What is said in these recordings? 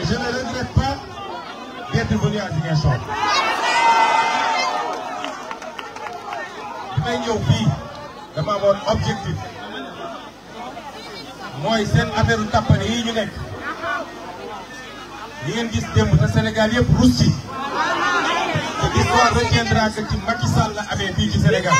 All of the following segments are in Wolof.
Et je ne regrette pas d'être venu à Ziguinchor. bi may ñëw fii dama amoon objectif mooy seen affaire tàppale yi ñu nekk li ngeen gis démb te Sénégal yëpp ruus ci te l'histoire retiendra que ci Macky Sall la amee fii ci Sénégal.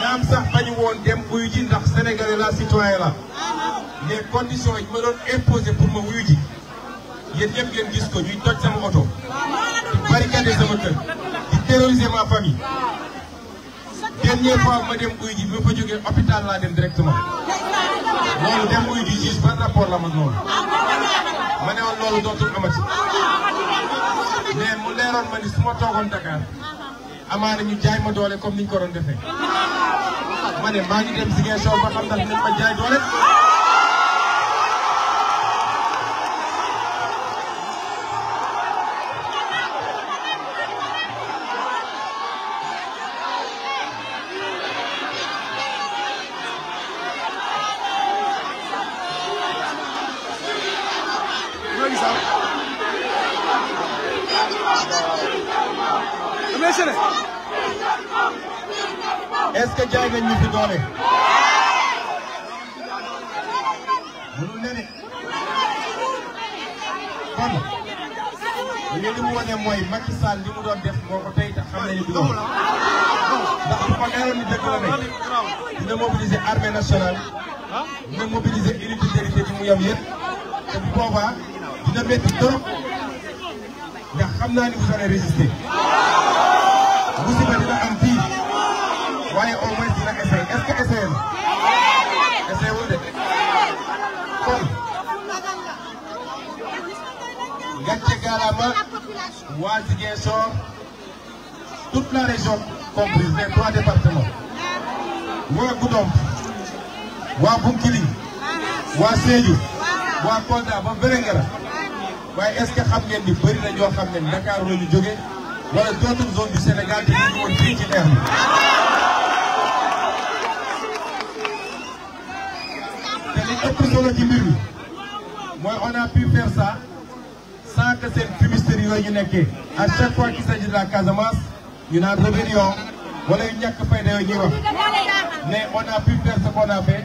naam sax bañu woon dem wuyu ji ndax sénégalais la citoyen la les conditions yi ma doon imposé pour ma wuyu ji yéen ñëpp ngeen gis ko ñuy sama oto di barricade sama kër di terroriser ma famille dernière fois ma dem wuyu ji bi ma fa jógee hôpital laa dem directement ma noonu ma ne woon loolu mu leeroon ma ni su ma toogoon Dakar amaana ñu jaay ma doole comme niñ ko doon defee ma ne maa ngi dem Ziguinchor ba xam ndax dinañ ma jaay doole. Commissioner. est-ce que jaay nañ ñu fi doole. mënul ne de kon li li mu wane mooy Macky Sall li mu doon def moo ko tey te xam nañu du loolu ndax bu ko neexoon ni dëkk la ne dina mobiliser armée nationale dina mobiliser unité de bi mu yam yëpp te bu boobaa dina métti trop ndax xam naa ni vous allez résister musiba dina am essayé na essayé wul de kon gàcce gaaraama waa Ziguinchor toute la région comprise les trois départements waa Goudomp waa Bounkiling waa Sédhiou waa Kolda ba Vélingara waaye est-ce que xam ngeen ni bëri na xam ne Dakar la jóge wala dootul zone Sénégal te ñu ngi woon ci leer bi li ëpp solo ci mbir mi mooy on a pu faire ça sans que seen fumisterie yooyu ñu nekkee à chaque fois qu'il s'agit de la Casamance ñu naan rébellion wala yu ñàkk fayda yooyu ñuy wax mais on a pu faire ce qu'on a fait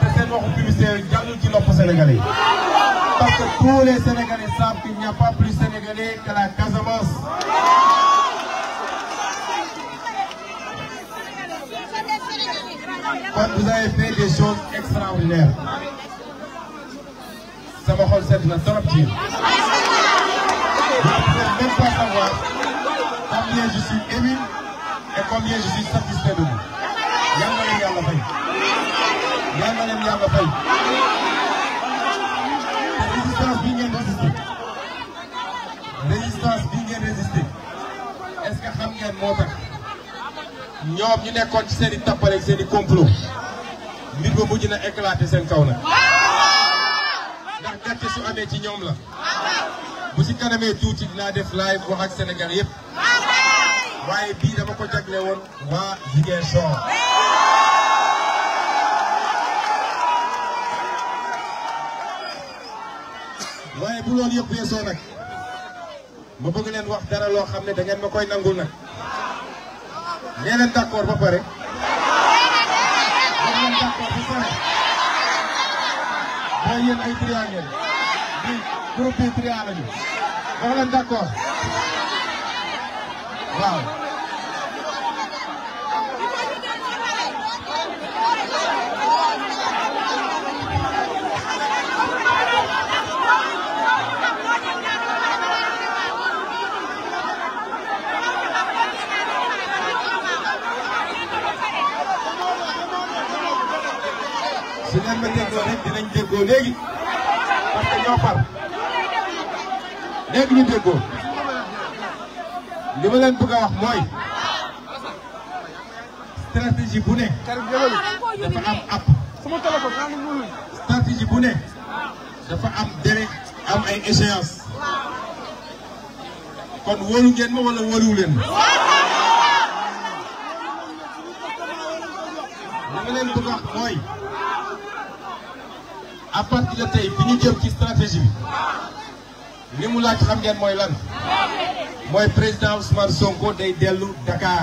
te seen waxu publicité yooyu ci nopp Sénégalais parce que tous les Sénégalais savent qu'il n'y a la Casamance kon vous avez fait des choses extraordinaires. sama xol sedd na trop ci. vous ne même pas savoir combien je suis ému et combien je suis satisfait de vous. yal na leen yàlla fay. yal na leen yàlla fay. résistance bi ngeen résister. résistance bi ngeen résister. est-ce que xam ngeen moo tax. ñoom ñu nekkoon ci seen i tappale ak seen i complot mbir ba mujj na éclaté seen kaw na ndax gàcce su amee ci ñoom la bu si kanamee tuuti dinaa def live wax ak Sénégal yëpp waaye bii dama ko jagle woon waa Ziguinchor waaye bu loolu yëpp weesoo nag ma bëgg leen wax dara loo xam ne da ngeen ma koy nangul nag nee leen d'accord ba pare. nee leen d'accord ay triant ngeen. bii groupe bi triant leen d'accord waaw. su ngeen ma déggoo rek dinañ déggoo léegi parce que li ma leen bëgg wax mooy stratégie bu ne dafa am app stratégie bu ne dafa am délai am ay échéance kon wóolu ngeen ma wala wóoluwu leen li ma leen bëgg wax mooy à partir de tey bi ñu jëm ci stratégie li mu laaj xam ngeen mooy lan mooy président Ousmane Sonko day dellu Dakar.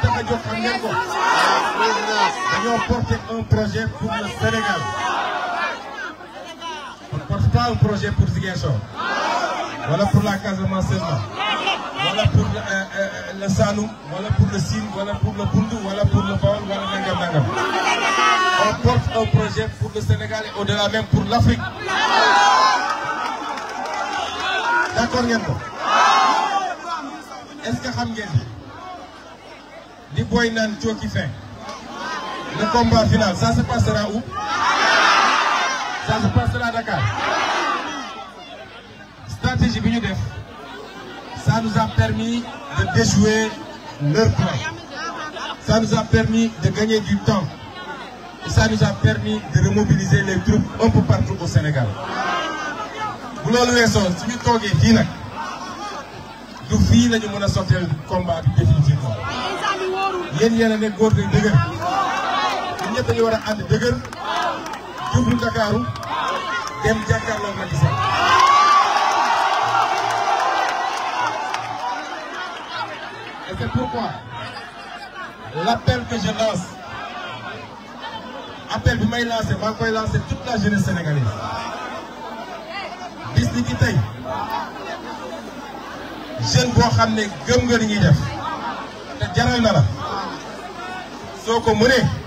Moustapha Diop xam ngeen ko dañoo porter un projet pour le Sénégal on ne porte pas un projet pour Ziguinchor wala pour la Casamance seulement wala pour euh, euh, le Saloum wala pour le Sine wala pour le Bundu wala pour le Baol wala nangam nangam on porte un projet pour le Sénégal et au-delà même pour l'Afrique d'accord ngeen ko est-ce que xam ngeen li booy naan cooki fin le combat final ça se passera où ça se passera Dakar stratégie bi def ça nous a permis de déjouer leur plan ça nous a permis de gagner du temps et ça nous permis de remobiliser les troupes un peu partout au Sénégal bu loolu weesoo suñu toogee fii nag du fii la ñu mën a sotteel combat yéen yéen a ne góor gi dëgër ñun ñëpp dañu war a ànd dëgër jublu Ndakaaru dem jàkkaarloo Macky Sall. et c'est pourquoi l'appel que je lance appel bi may lancer maa ngi koy lancer toute la jeunesse sénégalaise bis ni tey jeune boo xam ne gëm nga li ñuy def te na la. soo ko mënee